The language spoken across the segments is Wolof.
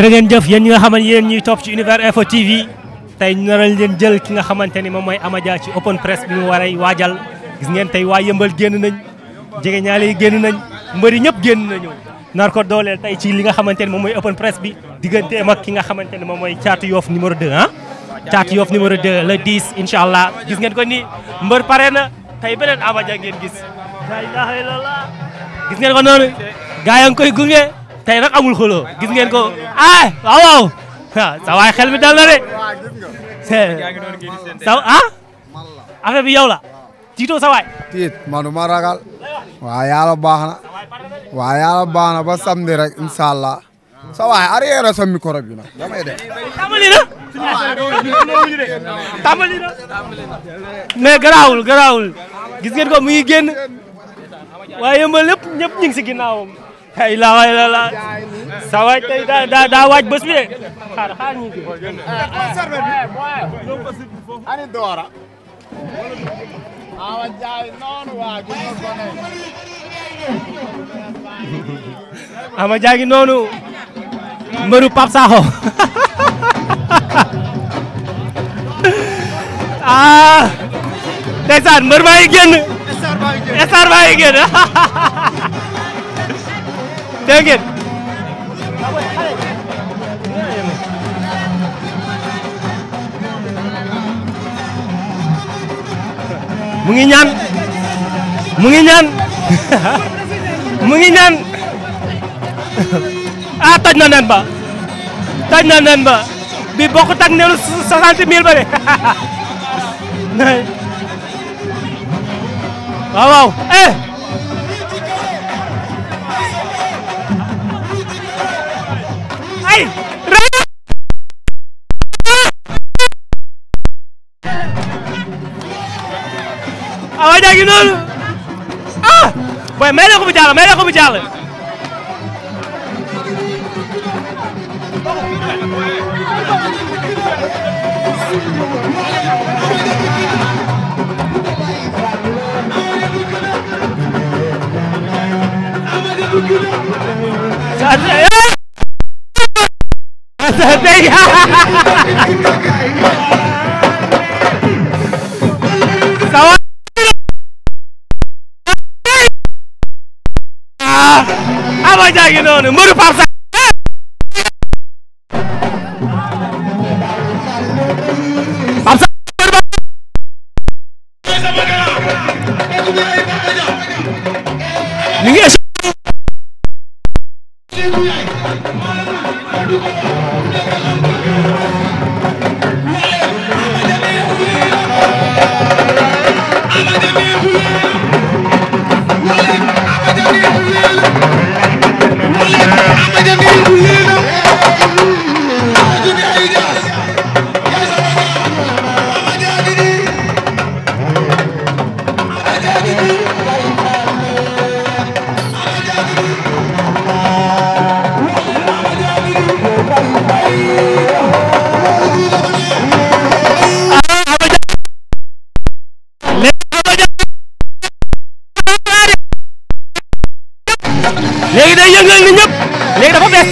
jërë ngeen jëf yéen ñi nga xamante yéen ñuy topp ci Univers Info ki nga xamante ni moom mooy Amadia ci open press bi mu war a waajal gis ngeen tey waa yëmbal génn nañ jege ñaale yi génn nañ yi ñëpp génn nañu nar ko dooleel tey ci li nga xamante ni moom mooy open press bi digganteem ak ki nga xamante ni moom mooy caatu yoof numéro 2 ah caatu yoof numéro 2 la diis incha allah gis ngeen ko ni mbër pare na tey beneen Amadia ngeen gis la ilaha illallah gis ngeen ko noonu gaa koy gunge tey nag amul xuloo gis ngeen ko ah waaw waaw xel mi dal na de sa ah? bi yow la tiitoo sa tiit ma ma ragal waaw yàlla baax na waa yàlla baax na ba samedi rek allah sa waay arrière sa micro bi nag damay def tàmbali na tàmbali na mais garaawul gis ngeen ko mu ngi génn waaye yëmbal lépp ñëpp ñu ngi ay la waay la sa waay tey daa daa waaj bi de xaar doora ama jaay noonu mbëru Pape Sakho ah ndeysaan mbër maa ngi génn star maa ngi génn dégg mu ngi ñaan mu ngi ñaan mu ngi ñaan ah toj na nen ba toj na nen ba bi bokkut ak neenu soixante mille ba de waaw waaw eh! awa jaa ngi noonu ah booy may la ko bu jàll may la ko bu jàll day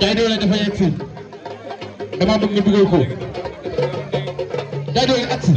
jaay doole dafa yegg si dama bëgg nga dugal ko jaay doole agsi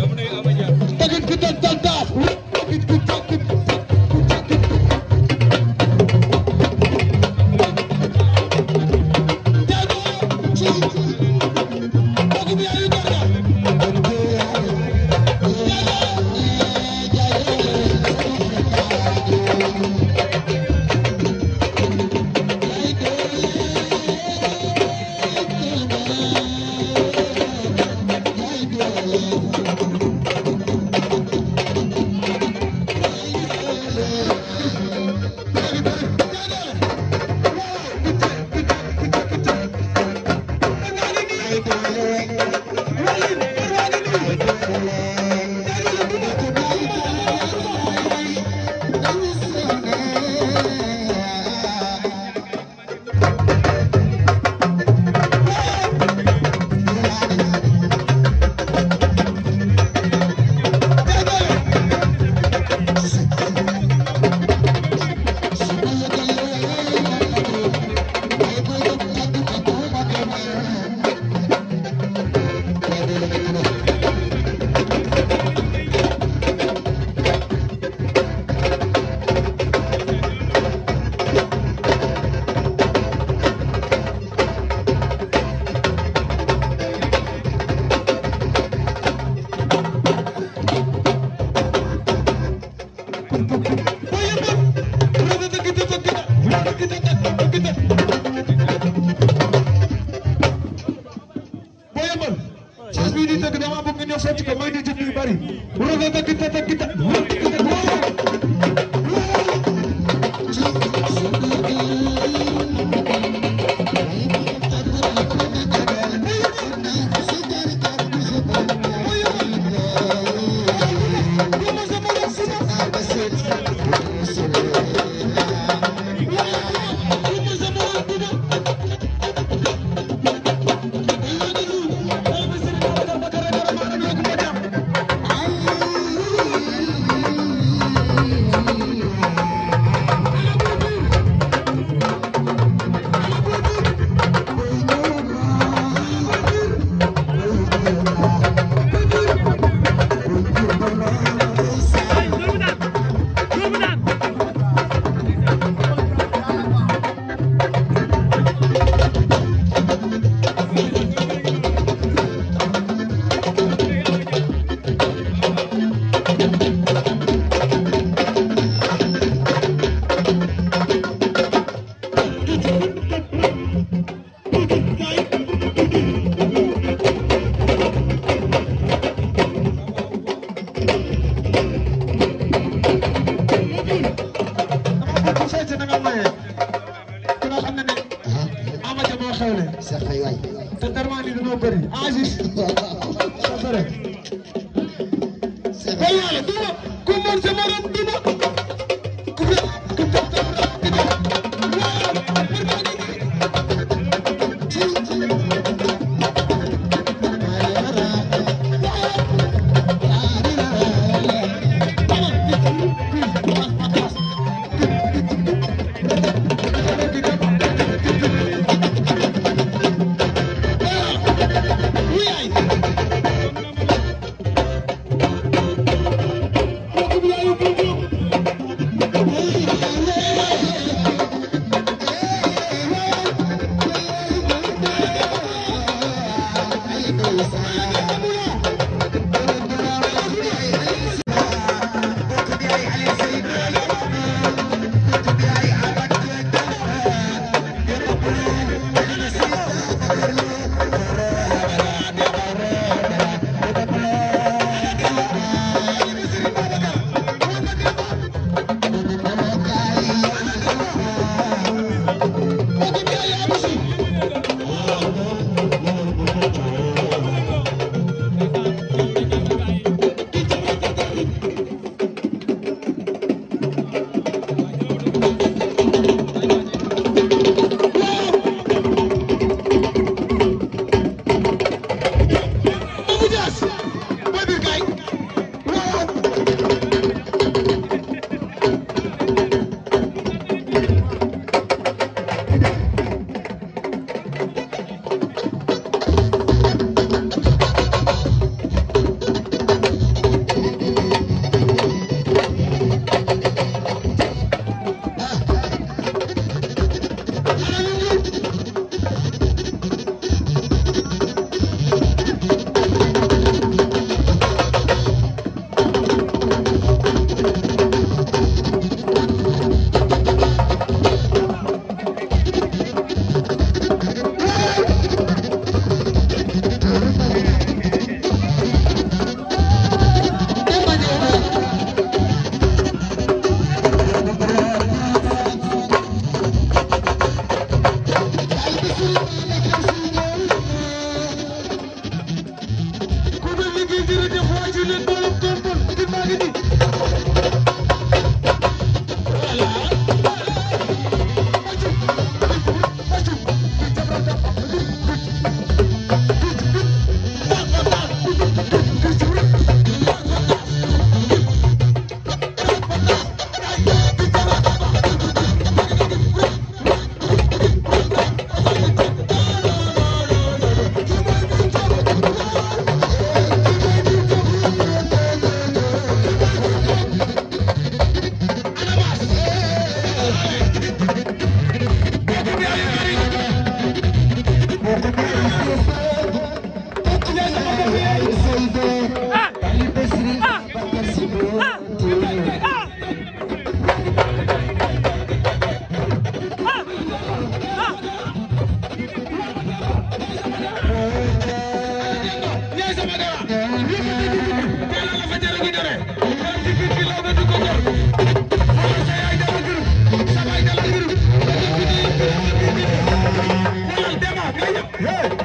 de te darman li dañoo bëri Aziz Hey!